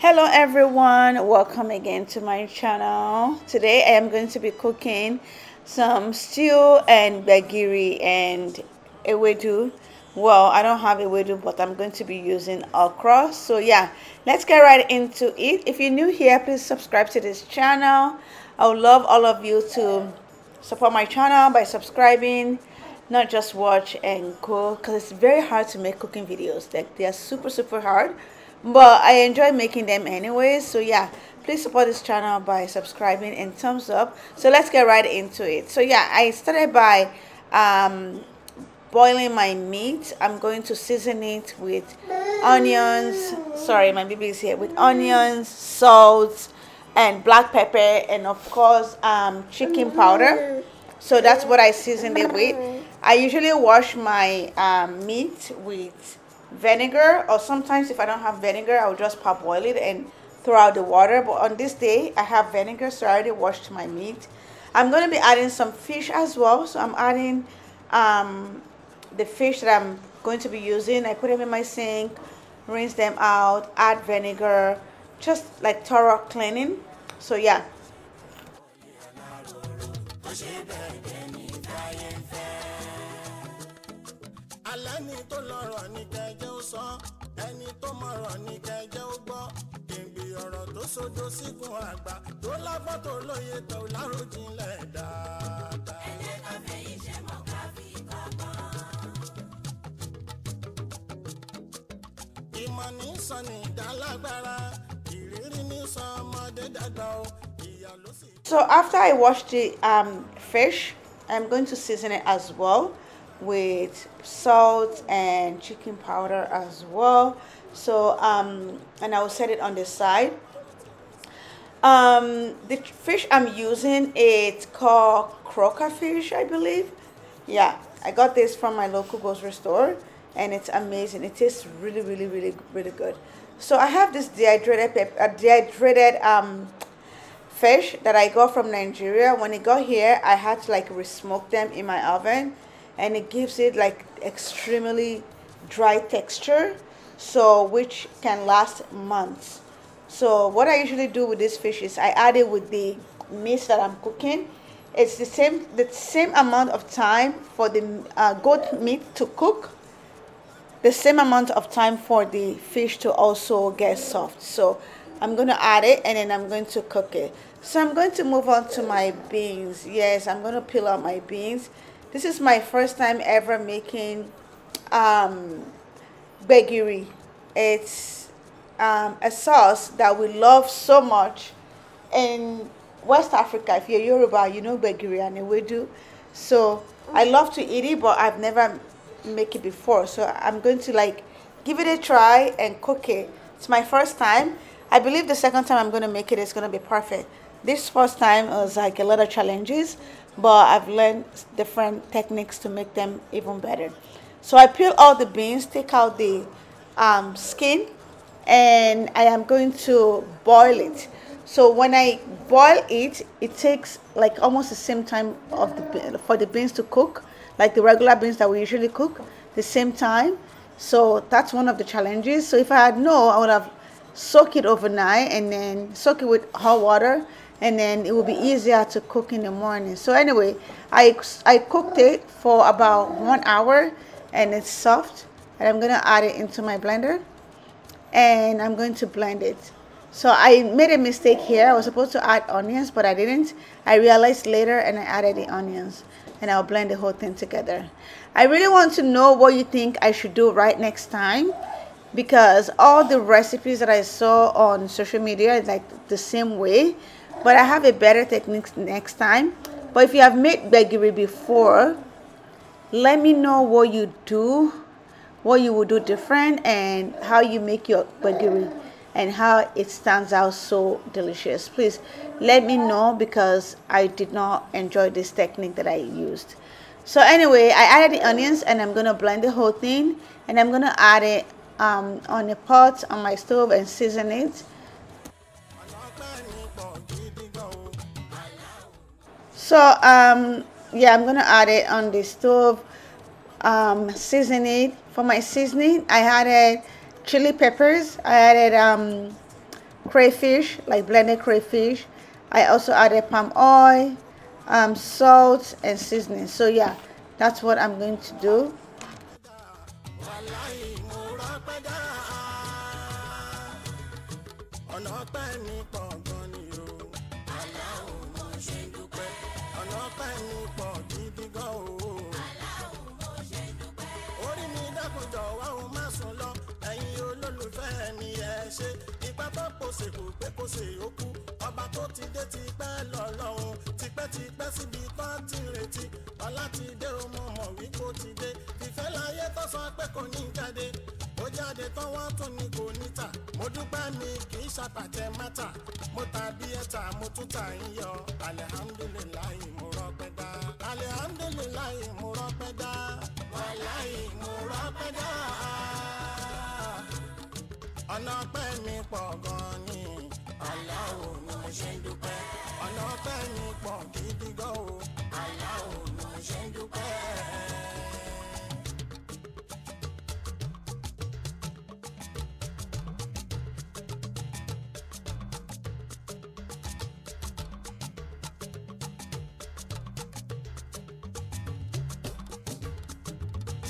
hello everyone welcome again to my channel today i am going to be cooking some stew and bagiri and wedu well i don't have wedu but i'm going to be using okra so yeah let's get right into it if you're new here please subscribe to this channel i would love all of you to support my channel by subscribing not just watch and cook because it's very hard to make cooking videos like they are super super hard but i enjoy making them anyways so yeah please support this channel by subscribing and thumbs up so let's get right into it so yeah i started by um boiling my meat i'm going to season it with onions sorry my baby is here with onions salt and black pepper and of course um chicken powder so that's what i seasoned it with i usually wash my um, meat with vinegar or sometimes if I don't have vinegar I'll just parboil it and throw out the water but on this day I have vinegar so I already washed my meat I'm going to be adding some fish as well so I'm adding um, the fish that I'm going to be using I put them in my sink rinse them out add vinegar just like thorough cleaning so yeah alẹ́ni tó lọ́rọ̀ ní kẹjẹ́ ó sọ ẹni tó mọ̀rọ̀ ní kẹjẹ́ ó gbọ́ kèǹgbè ọ̀rọ̀ tó sojo sígun àgbà tó lágbọ́ tó lóye tó láròjinlẹ̀ dáadáa. ẹlẹ́ka fẹ̀yìn ṣe mọ̀ ká fi kọ́gbọ́n. ìmọ̀ ní sọ ní ìdálágbára ìrírí ní sọ ọmọdé dàgbà o ìyá ló sì. So after I wash the um, fish, I'm going to season it as well. with salt and chicken powder as well so um and i'll set it on the side um the fish i'm using it's called croaker fish i believe yeah i got this from my local grocery store and it's amazing it tastes really really really really good so i have this dehydrated uh, dehydrated um fish that i got from nigeria when it got here i had to like re-smoke them in my oven and it gives it like extremely dry texture so which can last months so what I usually do with this fish is I add it with the meat that I'm cooking it's the same the same amount of time for the uh, goat meat to cook the same amount of time for the fish to also get soft so I'm going to add it and then I'm going to cook it so I'm going to move on to my beans yes I'm going to peel out my beans this is my first time ever making um, begiri it's um, a sauce that we love so much in West Africa if you're Yoruba you know begiri and ewedu so I love to eat it but I've never make it before so I'm going to like give it a try and cook it it's my first time I believe the second time I'm going to make it is going to be perfect this first time was like a lot of challenges, but I've learned different techniques to make them even better. So I peel all the beans, take out the um, skin, and I am going to boil it. So when I boil it, it takes like almost the same time of the for the beans to cook, like the regular beans that we usually cook, the same time. So that's one of the challenges. So if I had no, I would have soaked it overnight and then soak it with hot water and then it will be easier to cook in the morning so anyway i i cooked it for about one hour and it's soft and i'm gonna add it into my blender and i'm going to blend it so i made a mistake here i was supposed to add onions but i didn't i realized later and i added the onions and i'll blend the whole thing together i really want to know what you think i should do right next time because all the recipes that i saw on social media is like the same way but I have a better technique next time but if you have made gbegiri before let me know what you do what you would do different and how you make your gbegiri and how it stands out so delicious please let me know because I did not enjoy this technique that I used so anyway I added the onions and I'm gonna blend the whole thing and I'm gonna add it um, on a pot on my stove and season it so um yeah i'm gonna add it on the stove um season it for my seasoning i added chili peppers i added um crayfish like blended crayfish i also added palm oil um salt and seasoning so yeah that's what i'm going to do ṣe kò pé kò ṣe òkú ọba tó ti dé ti pẹ́ lọ́lọ́ o tipẹ́tipẹ́ síbi tán ti retí ọlá ti dé o mo mọ̀ wí kó ti dé ìfẹ́ láyé tó sọ pé kò ní jáde ó jáde tán wọ́n tún ní kò ní tà mo dúpẹ́ mi kì í ṣàpàtẹ mátà mo ta bí ẹ̀ta mo tún ta yín yọ mo rọpẹ́ dá alihamudulilayi mo rọpẹ́ dá wàláyé mo rọpẹ́ dá ọ̀nà ọpẹ́ mi pọ̀ gan-an ni aláwo ni mo ṣe ń dúpẹ́ ọ̀nà mi pọ̀ gidi gan o aláwo ni mo ṣe ń dúpẹ́.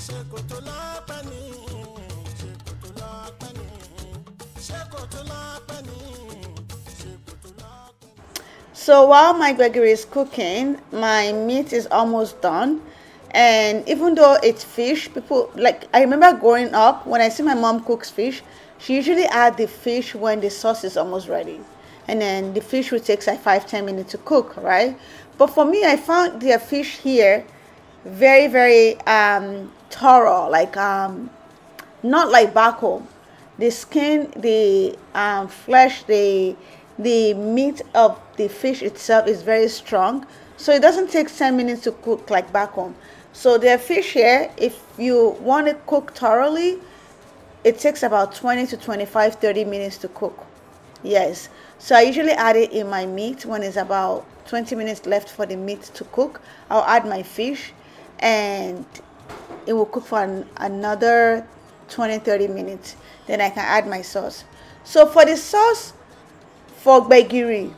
ṣe kò tó lọ́pẹ́ ni. So while my Gregory is cooking, my meat is almost done. And even though it's fish, people like I remember growing up when I see my mom cooks fish, she usually add the fish when the sauce is almost ready. And then the fish will take like five, ten minutes to cook, right? But for me, I found the fish here very, very um, thorough, like um, not like back home the skin, the um, flesh, the the meat of the fish itself is very strong. So it doesn't take 10 minutes to cook like back home. So the fish here, if you want to cook thoroughly, it takes about 20 to 25, 30 minutes to cook. Yes. So I usually add it in my meat when it's about 20 minutes left for the meat to cook. I'll add my fish and it will cook for an, another 20 30 minutes then i can add my sauce so for the sauce for begiri,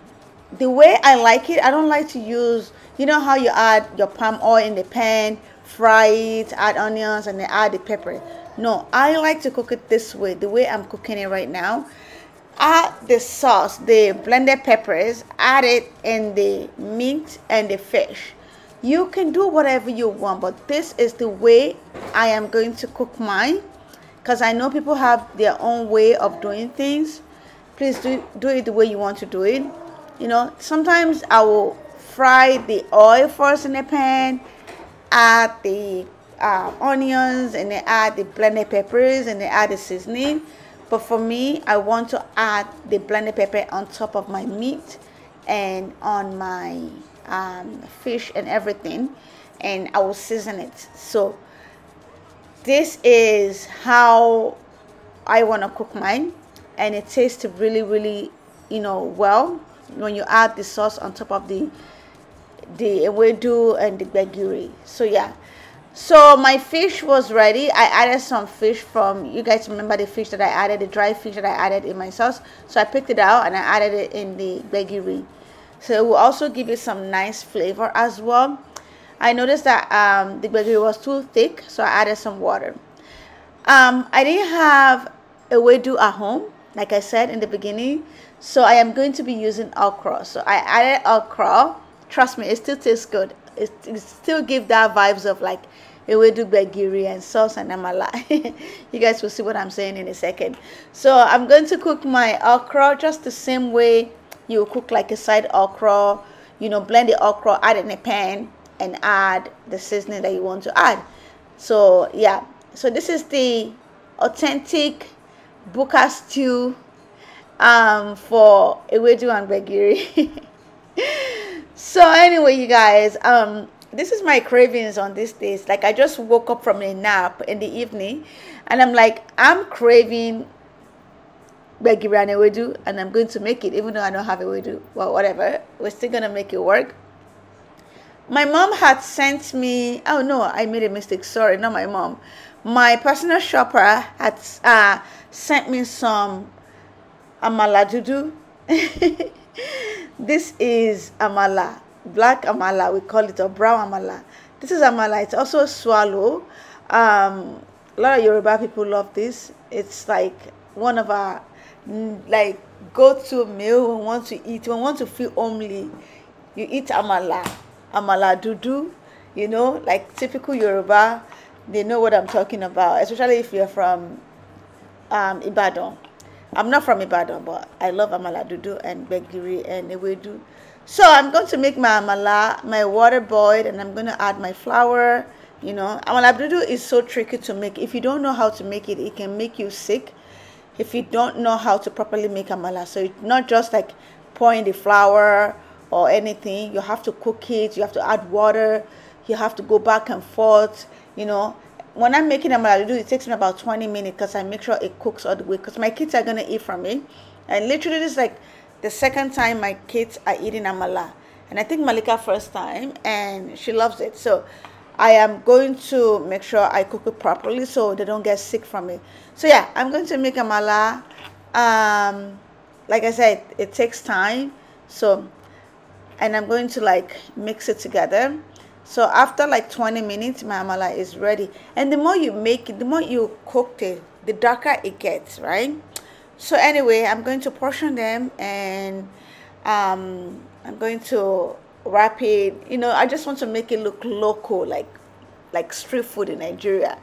the way i like it i don't like to use you know how you add your palm oil in the pan fry it add onions and then add the pepper no i like to cook it this way the way i'm cooking it right now add the sauce the blended peppers add it in the meat and the fish you can do whatever you want but this is the way i am going to cook mine because I know people have their own way of doing things. Please do, do it the way you want to do it. You know, sometimes I will fry the oil first in the pan, add the uh, onions, and then add the blended peppers, and then add the seasoning. But for me, I want to add the blended pepper on top of my meat and on my um, fish and everything, and I will season it. So this is how I want to cook mine and it tastes really really you know well when you add the sauce on top of the the ewedu and the begiri, so yeah so my fish was ready i added some fish from you guys remember the fish that i added the dry fish that i added in my sauce so i picked it out and i added it in the begiri. so it will also give you some nice flavor as well I noticed that um, the bakery was too thick, so I added some water. Um, I didn't have a wedu at home, like I said in the beginning, so I am going to be using okra. So I added okra. Trust me, it still tastes good. It, it still gives that vibes of like a wedu bagiri and sauce and amala. you guys will see what I'm saying in a second. So I'm going to cook my okra just the same way you cook like a side okra. You know, blend the okra, add it in a pan, and add the seasoning that you want to add so yeah so this is the authentic buka stew um, for ewedu and begiri. so anyway you guys um this is my cravings on these days like i just woke up from a nap in the evening and i'm like i'm craving begiri and ewedu and i'm going to make it even though i don't have ewedu well whatever we're still gonna make it work my mom had sent me oh no i made a mistake sorry not my mom my personal shopper had uh, sent me some amala dudu this is amala black amala we call it a brown amala this is amala it's also swallow um, a lot of yoruba people love this it's like one of our like go to meal we want to eat we want to feel homely you eat amala amala dudu, you know, like typical Yoruba, they know what I'm talking about, especially if you're from um, Ibadan. I'm not from Ibadan, but I love amala dudu and begiri and ewedu. So I'm going to make my amala, my water boiled, and I'm going to add my flour. You know, amala dudu is so tricky to make. If you don't know how to make it, it can make you sick. If you don't know how to properly make amala, so it's not just like pouring the flour or anything. You have to cook it, you have to add water, you have to go back and forth, you know. When I'm making amala do it takes me about 20 minutes because I make sure it cooks all the way because my kids are gonna eat from it. And literally this is like the second time my kids are eating amala. And I think Malika first time and she loves it. So I am going to make sure I cook it properly so they don't get sick from it. So yeah, I'm going to make amala. Um, like I said, it takes time. So and I'm going to like mix it together so after like 20 minutes my amala is ready and the more you make it the more you cook it the darker it gets right so anyway I'm going to portion them and um, I'm going to wrap it you know I just want to make it look local like like street food in Nigeria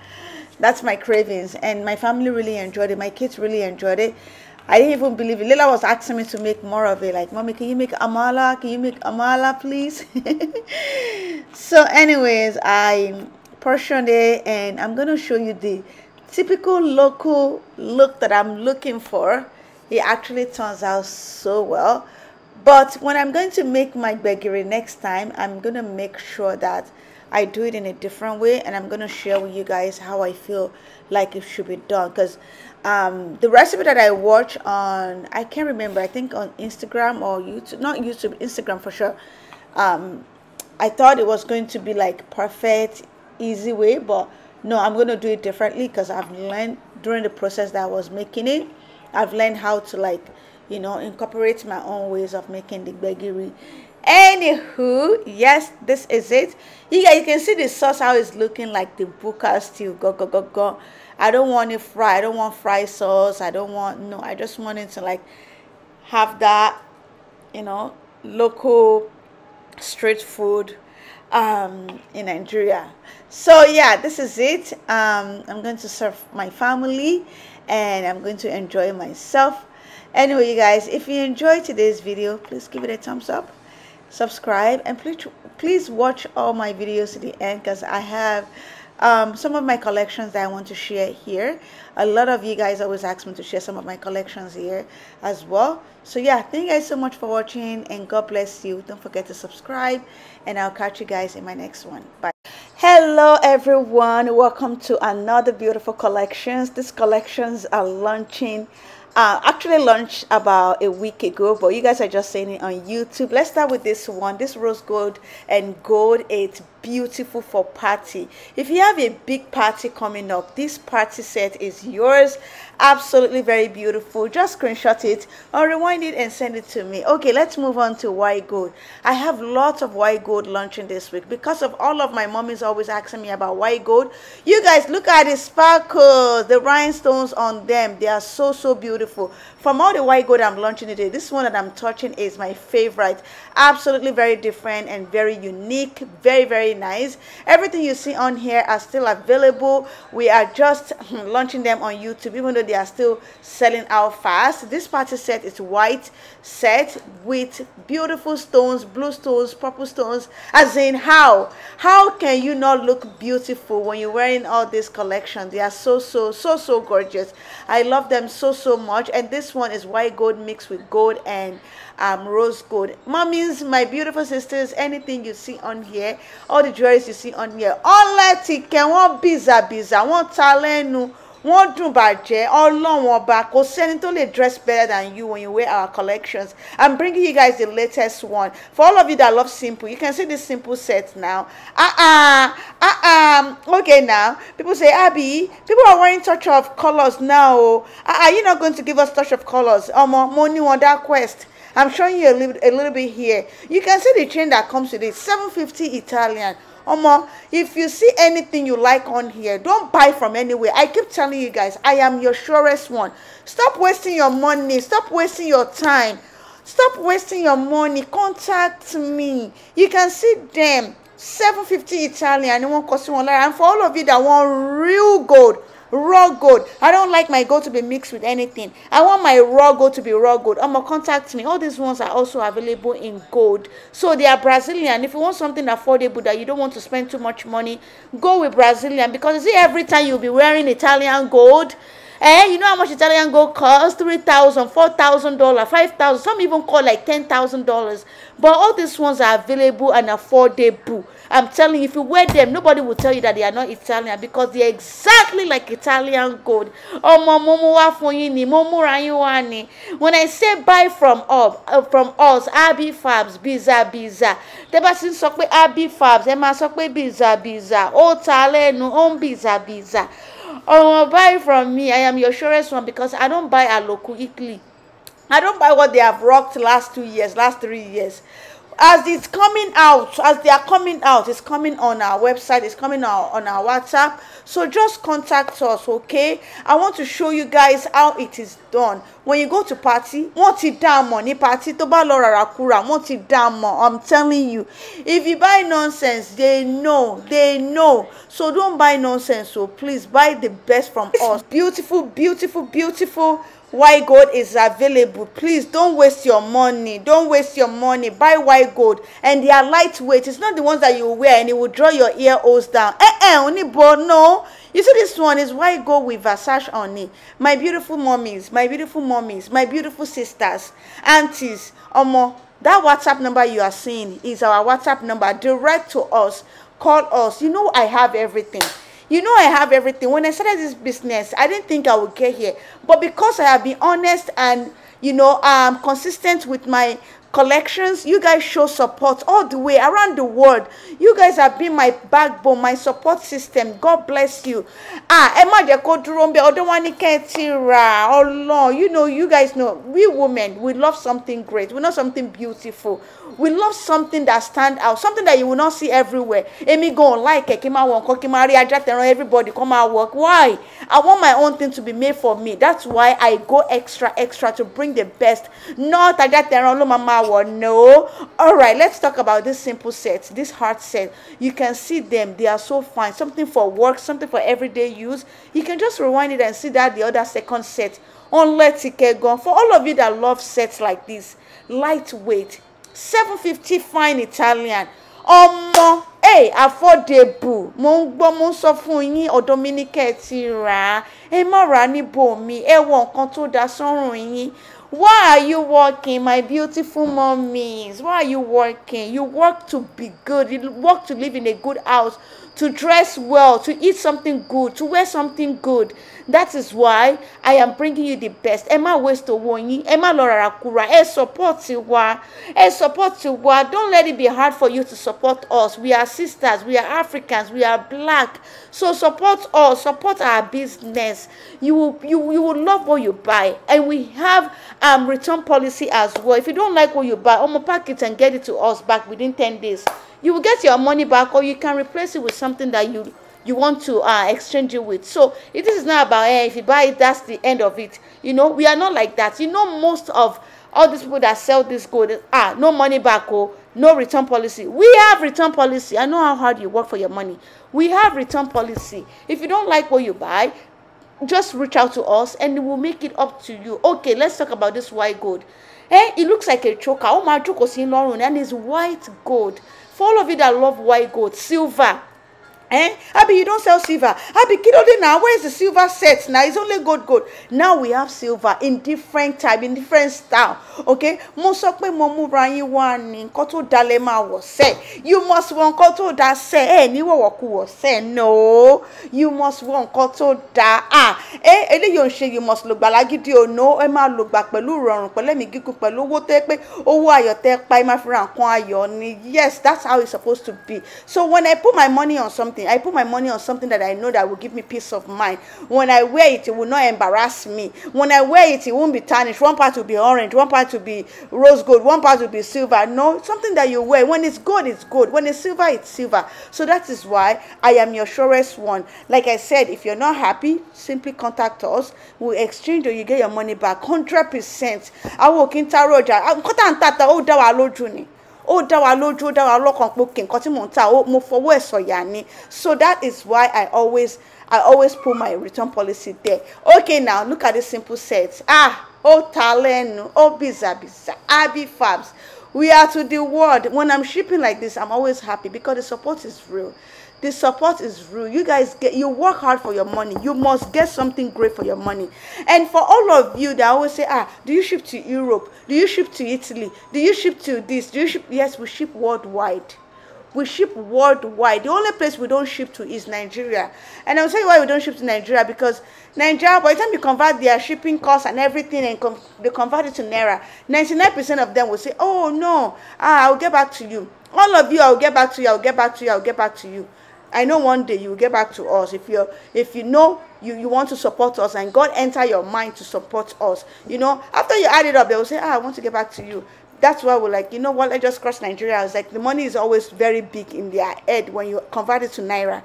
that's my cravings and my family really enjoyed it my kids really enjoyed it I didn't even believe it. Lila was asking me to make more of it. Like, Mommy, can you make amala? Can you make amala, please? so, anyways, I portioned it and I'm going to show you the typical local look that I'm looking for. It actually turns out so well. But when I'm going to make my begiri next time, I'm going to make sure that I do it in a different way, and I'm gonna share with you guys how I feel like it should be done. Because um, the recipe that I watch on, I can't remember, I think on Instagram or YouTube, not YouTube, Instagram for sure. Um, I thought it was going to be like perfect, easy way, but no, I'm gonna do it differently because I've learned during the process that I was making it. I've learned how to like, you know, incorporate my own ways of making the begiri Anywho, yes, this is it. You guys can see the sauce how it's looking like the booker still go go go go. I don't want it fried. I don't want fried sauce. I don't want no. I just want it to like have that, you know, local street food um in nigeria so yeah this is it um i'm going to serve my family and i'm going to enjoy myself anyway you guys if you enjoyed today's video please give it a thumbs up subscribe and please please watch all my videos to the end because I have um, some of my collections that I want to share here. A lot of you guys always ask me to share some of my collections here as well. So yeah, thank you guys so much for watching and God bless you. Don't forget to subscribe and I'll catch you guys in my next one. Bye. Hello everyone, welcome to another beautiful collections. These collections are launching uh, actually launched about a week ago, but you guys are just seeing it on YouTube. Let's start with this one. This rose gold and gold, it's beautiful for party. If you have a big party coming up, this party set is yours. Absolutely very beautiful. Just screenshot it or rewind it and send it to me. Okay, let's move on to white gold. I have lots of white gold launching this week because of all of my mommies always asking me about white gold. You guys, look at the sparkles, the rhinestones on them. They are so, so beautiful beautiful. From all the white gold I'm launching today, this one that I'm touching is my favorite. Absolutely very different and very unique. Very, very nice. Everything you see on here are still available. We are just launching them on YouTube, even though they are still selling out fast. This party set is white set with beautiful stones, blue stones, purple stones. As in, how? How can you not look beautiful when you're wearing all this collection? They are so, so, so, so gorgeous. I love them so, so much much. And this one is white gold mixed with gold and um, rose gold. Mummies, my beautiful sisters, anything you see on here, all the jewelries you see on here, all let it can one biza biza, one talenu wọ́n dùn bàjẹ́ ọlọ́run ọba kò sẹ́ni tó lè dress better than you when you wear our collections i'm bringing you guys the latest one for all of you that love simple you can see this simple set now ah ah ah ah okay now people say Abby. people are wearing touch of colors now ah, are you not going to give us touch of colors ọmọ more ní on that quest. I'm showing you a little, a little bit here. You can see the chain that comes with it. 750 Italian, Omo, if you see anything you like on here, don't buy from anywhere. I keep telling you guys, I am your surest one. Stop wasting your money. Stop wasting your time. Stop wasting your money. Contact me. You can see them. 750 Italian. And for all of you that want real gold, raw gold. I don't like my gold to be mixed with anything. I want my raw gold to be raw gold. Omo, contact me. All these ones are also available in gold. So they are Brazilian. If you want something affordable that you don't want to spend too much money, go with Brazilian because see every time you'll be wearing Italian gold. Eh, you know how much Italian gold costs? Three thousand, four thousand dollars, five thousand. Some even call like ten thousand dollars. But all these ones are available and affordable. I'm telling you, if you wear them, nobody will tell you that they are not Italian because they're exactly like Italian gold. Ọmọ mo mú wá fún yín mo múra When I say buy from us, uh, from us, Abi Fabs, Biza Biza. Tẹ́ bá ti ń Abi Fabs, ẹ sokwe Biza Biza. Oh, talenu lẹ́nu, Biza Biza. Oh, buy from me, I am your surest one because I don't buy Aloku Italy. I don't buy what they have rocked last two years, last three years as it's coming out as they are coming out it's coming on our website it's coming out on our whatsapp so just contact us okay i want to show you guys how it is done when you go to party what it dá a party tó bá lọ rárá kúrà wọ́n i'm telling you if you buy nonsense they know they know so don't buy nonsense so please buy the best from us beautiful beautiful beautiful white gold is available please don't waste your money don't waste your money buy white gold and they are lightweight it's not the ones that you wear and it will draw your ear holes down eh eh Only onibo no you see this one is white gold with versace on it my beautiful mummies my beautiful mummies my beautiful sisters aunties omo that whatsapp number you are seeing is our whatsapp number direct to us call us you know i have everything You know, I have everything. When I started this business, I didn't think I would get here. But because I have been honest and, you know, I'm consistent with my collections you guys show support all the way around the world you guys have been my backbone my support system god bless you ah Emma, má jẹ́ kó dúró ń bẹ you know you guys know we women we love something great we love something beautiful we love something that stand out something that you will not see everywhere èmi gan like ẹ kí n máa wọ nǹkan kí n máa everybody come out work why i want my own thing to be made for me that's why i go extra extra to bring the best not I tẹran ló máa máa flower no all right let's talk about this simple set this heart set you can see them they are so fine something for work something for everyday use you can just rewind it and see that the other second set only ticket gone for all of you that love sets like this lightweight 750 fine italian ọmọ hey affordable mo ń gbọ́ mo ń sọ fún yín ọ̀dọ̀ mi ní ti rà á ẹ má rà á níbo mi da sọ́rùn yín Why are you working, my beautiful mommies? Why are you working? You work to be good. You work to live in a good house. to dress well, to eat something good, to wear something good. That is why I am bringing you the best. Emma má waste owó yín, ẹ má lọ support wa, ẹ support wa. Don't let it be hard for you to support us. We are sisters, we are Africans, we are black. So support us, support our business. You will, you, you will love what you buy. And we have um, return policy as well. If you don't like what you buy, ọmọ pack it and get it to us back within 10 days you will get your money back or you can replace it with something that you you want to uh, exchange it with. So if this is not about hey, eh, if you buy it, that's the end of it. You know, we are not like that. You know, most of all these people that sell this gold ah no money back oh no return policy we have return policy i know how hard you work for your money we have return policy if you don't like what you buy just reach out to us and we will make it up to you okay let's talk about this white gold Hey, eh, it looks like a choker oh my choker and it's white gold For all of you that love white gold, silver, Eh? Abby, you don't sell silver. Abby, Kidode now, where is the silver set now? It's only gold, gold. Now we have silver in different type, in different style. Okay? Mo sọ pé mo múra koto dalema wose. You must wọ koto tó da sẹ́. Ẹ ní wọ̀wọ̀kuwọ̀ sẹ́. No. You must wọ koto da. Ah! Ẹ eléyìí yonche you must lo gbà lágídí o. No. Ẹ máa lo gbà pẹ̀lú ìrọ̀rùn pẹ̀lú ẹ̀mí gígùn pẹ̀lú owó tó yẹ pé owó ayọ̀ tẹ́ pa ẹ Yes, that's how it's supposed to be. So when I put my money on something, something. I put my money on something that I know that will give me peace of mind. When I wear it, it will not embarrass me. When I wear it, it won't be tarnished. One part will be orange, one part will be rose gold, one part will be silver. No, something that you wear. When it's gold, it's gold. When it's silver, it's silver. So that is why I am your surest one. Like I said, if you're not happy, simply contact us. We'll exchange or you get your money back. 100%. I in kintaroja. I will kota tata. Oh, dawa alojuni. ó dá wa lójú ó dá wa lọ́kàn pé kí nǹkan tí mò ń tà mo fọwọ́ ẹ̀ sọ̀yà ni so that is why I always I always put my return policy there okay now look at this simple set ah ó ta lẹ́nu ó bìzàbìzà abi fabs we are to the world when I'm shipping like this I'm always happy because the support is real. the support is real you guys get you work hard for your money you must get something great for your money and for all of you that always say ah do you ship to europe do you ship to italy do you ship to this do you ship yes we ship worldwide we ship worldwide the only place we don't ship to is nigeria and i'll tell you why we don't ship to nigeria because nigeria by the time you convert their shipping costs and everything and com- they convert it to naira 99% of them will say oh no ah, i'll get back to you all of you i'll get back to you i'll get back to you i'll get back to you I know one day you will get back to us. If you if you know you, you want to support us and God enter your mind to support us, you know, after you add it up, they will say, ah, I want to get back to you. That's why we're like, you know what, I just crossed Nigeria. I was like the money is always very big in their head when you convert it to Naira.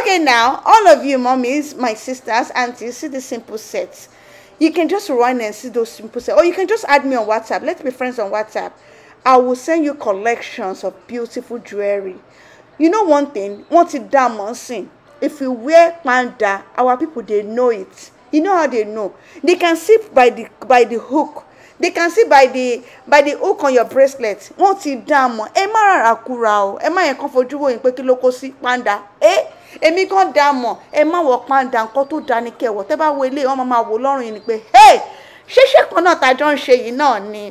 Okay, now, all of you mummies, my sisters, aunties, see the simple sets. You can just run and see those simple sets. Or you can just add me on WhatsApp. Let's be friends on WhatsApp. I will send you collections of beautiful jewelry you know one thing wọ́n ti dá a mọ̀ if you wear panda our people dey know it you know how they know they can see by the by the hook they can see by the by the hook on your bracelet wọ́n ti dá a mọ̀ ẹ má rárá kúra o ẹ má yẹn kàn fojú wo yín pé kí ló kó sí panda ẹ èmi kan dá a ẹ má wọ panda nǹkan tó dá ní kẹwọ tẹ bá wo ilé wọn máa wò lọ́rùn yìí ni pé ṣíṣe kan náà tá a jọ ń ṣe yìí náà ni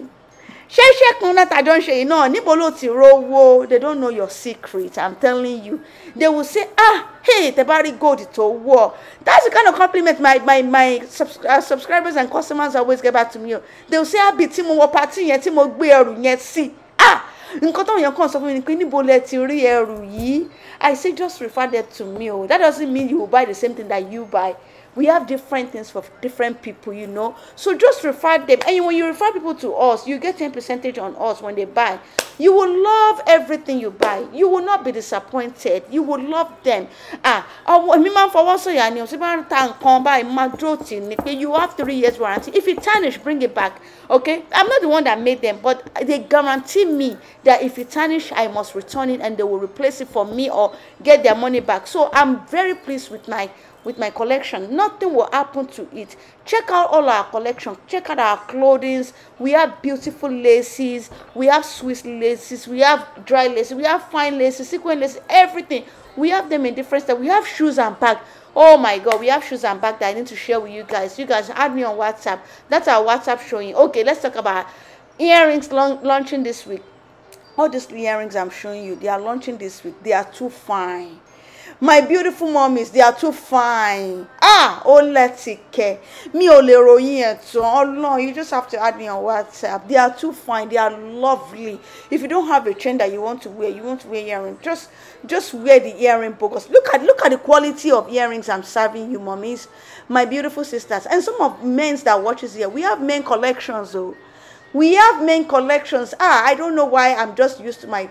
ṣé iṣẹ́ kan don't tàjọ ń ṣe yìí náà níbo ti rówó they don't know your secret i'm telling you they will say ah hey the bá rí gold tó wọ̀ that's the kind of compliment my my my subs uh, subscribers and customers always get back to me they will say ah, biti mo wọ̀ party yẹn mo gbé yeti. ah nǹkan táwọn èèyàn kàn sọ fún mi ni pé níbo i say just refer that to me o oh, that doesn't mean you will buy the same thing that you buy we have different things for different people, you know. So just refer them. And when you refer people to us, you get 10 percentage on us when they buy. You will love everything you buy. You will not be disappointed. You will love them. Ah, mi máa ń fọwọ́ sọ̀yà ni o, tí bá ń ta nǹkan báyìí máa dúró tì you have three years warranty. If it tarnish, bring it back. Okay? I'm not the one that made them, but they guarantee me that if it tarnish, I must return it and they will replace it for me or get their money back. So I'm very pleased with my with my collection nothing will happen to it check out all our collection check out our clothing we have beautiful laces we have swiss laces we have dry laces we have fine laces sequin laces everything we have them in different styles we have shoes and bags. oh my god we have shoes and bags that i need to share with you guys you guys add me on whatsapp that's our whatsapp showing okay let's talk about earrings launching this week all these earrings i'm showing you they are launching this week they are too fine my beautiful mummies they are too fine ah ó lẹ́tìkẹ́ mi ò lè yeah, so, oh, no, you just have to add me on whatsapp they are too fine they are lovely if you don't have a trend that you want to wear you want to wear earring just just wear the earring because look at look at the quality of earrings i'm serving you mummies my beautiful sisters and some of men's that watches here we have men collections though we have men collections ah i don't know why i'm just used to my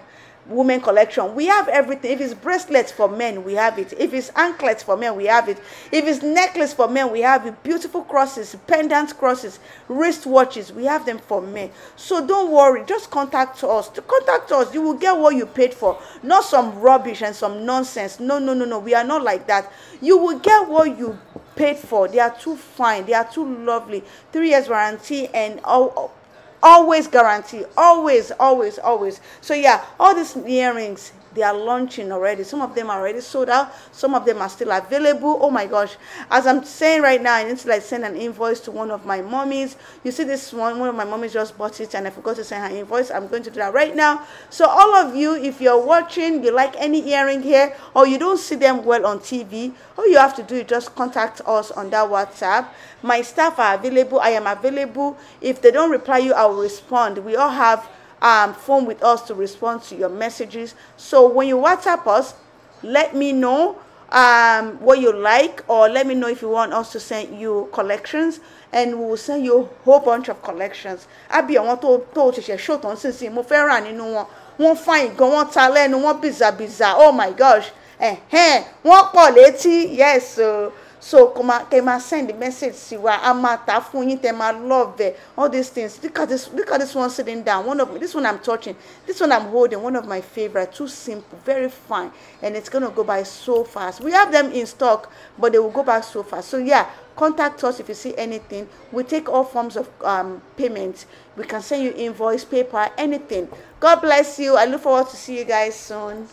women collection. We have everything. If it's bracelets for men, we have it. If it's anklets for men, we have it. If it's necklace for men, we have it. Beautiful crosses, pendant crosses, wristwatches, we have them for men. So don't worry. Just contact us. To contact us, you will get what you paid for. Not some rubbish and some nonsense. No, no, no, no. We are not like that. You will get what you paid for. They are too fine. They are too lovely. Three years warranty and all Always guarantee. Always, always, always. So yeah, all these earrings, they are launching already. Some of them are already sold out. Some of them are still available. Oh my gosh. As I'm saying right now, I need to like send an invoice to one of my mommies. You see this one, one of my mommies just bought it and I forgot to send her invoice. I'm going to do that right now. So all of you, if you're watching, you like any earring here or you don't see them well on TV, all you have to do is just contact us on that WhatsApp. My staff are available. I am available. If they don't reply you, I will respond. We all have um, phone with us to respond to your messages. So when you WhatsApp us, let me know um, what you like or let me know if you want us to send you collections and we will send you a whole bunch of collections. Àbí want tó tó on since tán move mo fẹ́ rà nínú wọn. Wọ́n fine on talent ta lẹ́nu, wọ́n bìzàbìzà. Oh my gosh. Eh, eh. Wọ́n quality? Yes. Uh, so come on, can I send the message sí wa a máa ta fún you tẹ́ I love ẹ̀ all these things look at this look at this one sitting down one of this one i'm touching this one i'm holding one of my favorite too simple very fine and it's gonna go by so fast we have them in stock but they will go by so fast so yeah contact us if you see anything we take all forms of um, payment we can send you invoice paper anything god bless you i look forward to see you guys soon